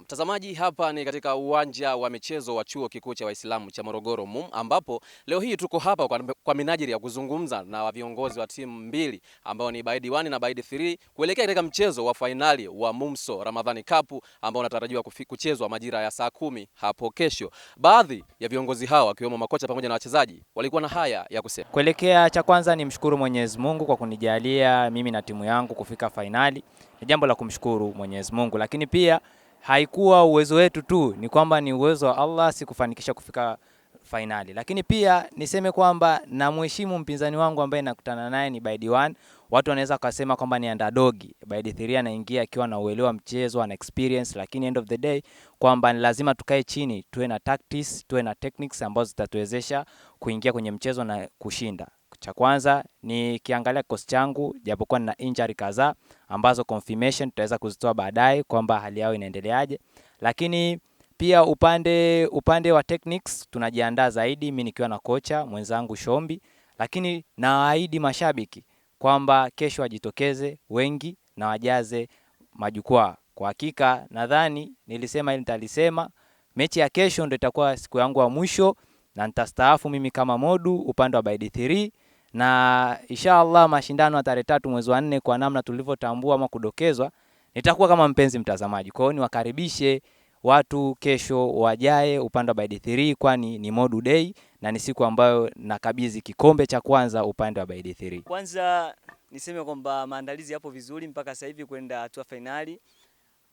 Mtazamaji, hapa ni katika uwanja wa michezo wa Chuo Kikuu cha Waislamu cha Morogoro MUM, ambapo leo hii tuko hapa kwa, kwa minajili ya kuzungumza na viongozi wa timu mbili ambao ni Baidi 1 na Baidi 3 kuelekea katika mchezo wa fainali wa MUMSO Ramadhani Cup ambao unatarajiwa kuchezwa majira ya saa kumi hapo kesho. Baadhi ya viongozi hao wakiwemo makocha pamoja na wachezaji walikuwa na haya ya kusema. Kuelekea, cha kwanza ni mshukuru Mwenyezi Mungu kwa kunijalia mimi na timu yangu kufika fainali, ni jambo la kumshukuru Mwenyezi Mungu, lakini pia haikuwa uwezo wetu tu, ni kwamba ni uwezo wa Allah, si kufanikisha kufika fainali. Lakini pia niseme kwamba namheshimu mpinzani wangu ambaye nakutana naye ni Baidi One. Watu wanaweza kusema kwamba ni underdog. Baidi Three anaingia akiwa na uelewa mchezo, ana experience, lakini end of the day kwamba ni lazima tukae chini, tuwe na tactics, tuwe na techniques ambazo zitatuwezesha kuingia kwenye mchezo na kushinda. Cha kwanza nikiangalia kikosi changu, japokuwa nina injury kadhaa ambazo confirmation tutaweza kuzitoa baadaye kwamba hali yao inaendeleaje, lakini pia upande, upande wa techniques tunajiandaa zaidi, mimi nikiwa na kocha mwenzangu Shombi, lakini nawaahidi mashabiki kwamba kesho wajitokeze wengi na wajaze majukwaa. Kwa hakika nadhani nilisema ili nitalisema, mechi ya kesho ndio itakuwa siku yangu ya mwisho na nitastaafu mimi kama Modu upande wa Baidi 3 na inshallah mashindano ya tarehe tatu mwezi wa nne, kwa namna tulivyotambua ama kudokezwa, nitakuwa kama mpenzi mtazamaji. Kwa hiyo niwakaribishe watu kesho wajae upande wa Baidi 3 kwani ni Modu Day na ni siku ambayo nakabidhi kikombe cha kwanza upande wa Baidi 3. Kwanza niseme kwamba maandalizi yapo vizuri mpaka sasa hivi kwenda hatua fainali.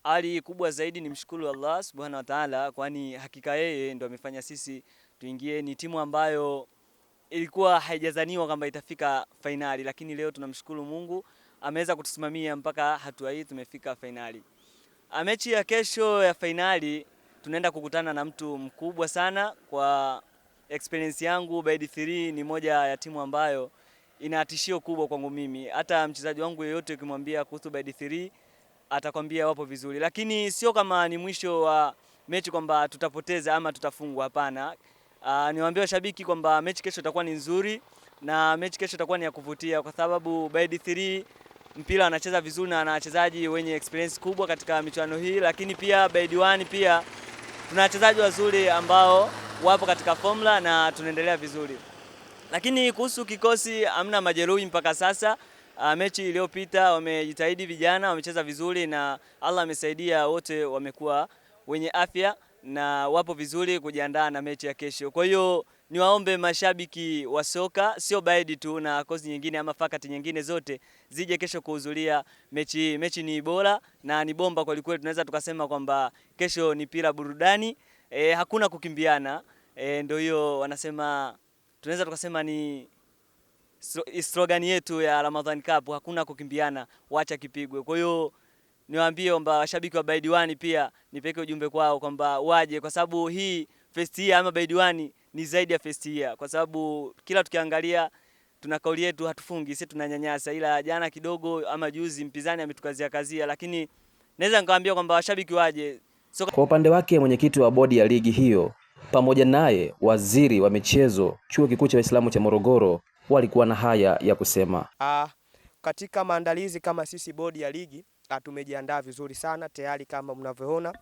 Hali kubwa zaidi ni mshukuru Allah Subhanahu wa Ta'ala, kwani hakika yeye ndo amefanya sisi tuingie. Ni timu ambayo ilikuwa haijazaniwa kwamba itafika fainali, lakini leo tunamshukuru Mungu ameweza kutusimamia mpaka hatua hii tumefika fainali. Ah, mechi ya kesho ya fainali tunaenda kukutana na mtu mkubwa sana. Kwa experience yangu, Bed 3 ni moja ya timu ambayo ina tishio kubwa kwangu mimi. Hata mchezaji wangu yeyote ukimwambia kuhusu Bed 3 atakwambia wapo vizuri, lakini sio kama ni mwisho wa mechi kwamba tutapoteza ama tutafungwa. Hapana, ah, niwaambie washabiki kwamba mechi kesho itakuwa ni nzuri na mechi kesho itakuwa ni ya kuvutia kwa sababu Bed 3 mpira anacheza vizuri na ana wachezaji wenye experience kubwa katika michuano hii, lakini pia Bedi pia tuna wachezaji wazuri ambao wapo katika formula na tunaendelea vizuri. Lakini kuhusu kikosi, hamna majeruhi mpaka sasa. Uh, mechi iliyopita wamejitahidi vijana, wamecheza vizuri na Allah amesaidia, wote wamekuwa wenye afya na wapo vizuri kujiandaa na mechi ya kesho. Kwa hiyo niwaombe mashabiki wa soka sio baidi tu na kozi nyingine ama fakati nyingine zote zije kesho kuhudhuria mechi. Mechi ni bora na ni bomba kwa kweli, tunaweza tukasema kwamba kesho ni pira burudani e, hakuna kukimbiana e, ndio hiyo wanasema, tunaweza tukasema ni slogan yetu ya Ramadhan Cup, hakuna kukimbiana, wacha kipigwe. Kwa hiyo niwaambie kwamba washabiki wa Baidiwani pia nipeke ujumbe kwao kwamba waje, kwa sababu hii festi hii ama Baidiwani ni zaidi ya first year, kwa sababu kila tukiangalia tuna kauli yetu, hatufungi sisi, tunanyanyasa. Ila jana kidogo ama juzi mpinzani ametukazia kazia, lakini naweza nikawaambia kwamba washabiki waje. So... kwa upande wake mwenyekiti wa bodi ya ligi hiyo pamoja naye waziri wa michezo chuo kikuu cha Waislamu cha Morogoro walikuwa na haya ya kusema. Ah, katika maandalizi kama sisi bodi ya ligi ah, tumejiandaa vizuri sana tayari, kama mnavyoona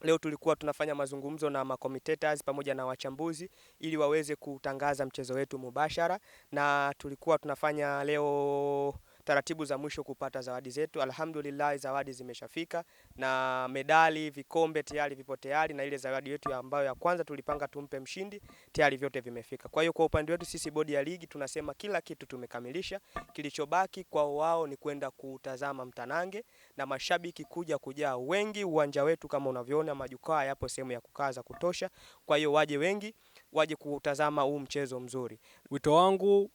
Leo tulikuwa tunafanya mazungumzo na makomitators pamoja na wachambuzi ili waweze kutangaza mchezo wetu mubashara, na tulikuwa tunafanya leo taratibu za mwisho kupata zawadi zetu. Alhamdulillah, zawadi zimeshafika na medali, vikombe tayari vipo tayari, na ile zawadi yetu ambayo ya kwanza tulipanga tumpe mshindi tayari vyote vimefika. Kwa hiyo kwa upande wetu sisi bodi ya ligi tunasema kila kitu tumekamilisha, kilichobaki kwa wao ni kwenda kutazama mtanange na mashabiki kuja kujaa wengi uwanja wetu. Kama unavyoona majukwaa yapo sehemu ya kukaa za kutosha, kwa hiyo waje wengi, waje kutazama huu mchezo mzuri. Wito wangu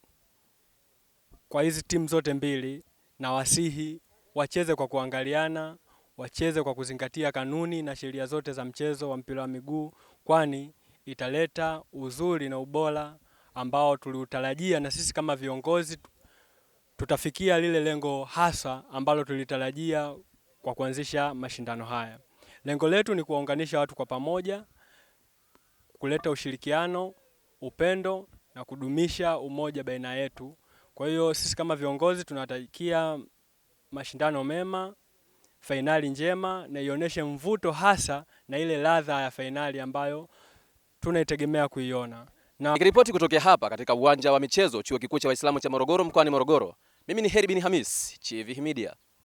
kwa hizi timu zote mbili, na wasihi wacheze kwa kuangaliana, wacheze kwa kuzingatia kanuni na sheria zote za mchezo wa mpira wa miguu, kwani italeta uzuri na ubora ambao tuliutarajia, na sisi kama viongozi tutafikia lile lengo hasa ambalo tulitarajia kwa kuanzisha mashindano haya. Lengo letu ni kuwaunganisha watu kwa pamoja, kuleta ushirikiano, upendo na kudumisha umoja baina yetu kwa hiyo sisi kama viongozi tunatakia mashindano mema, fainali njema na ionyeshe mvuto hasa na ile ladha ya fainali ambayo tunaitegemea kuiona. Na nikiripoti kutokea hapa katika uwanja wa michezo Chuo Kikuu cha Waislamu cha Morogoro mkoani Morogoro, mimi ni heri bin Hamis, Chivihi Media.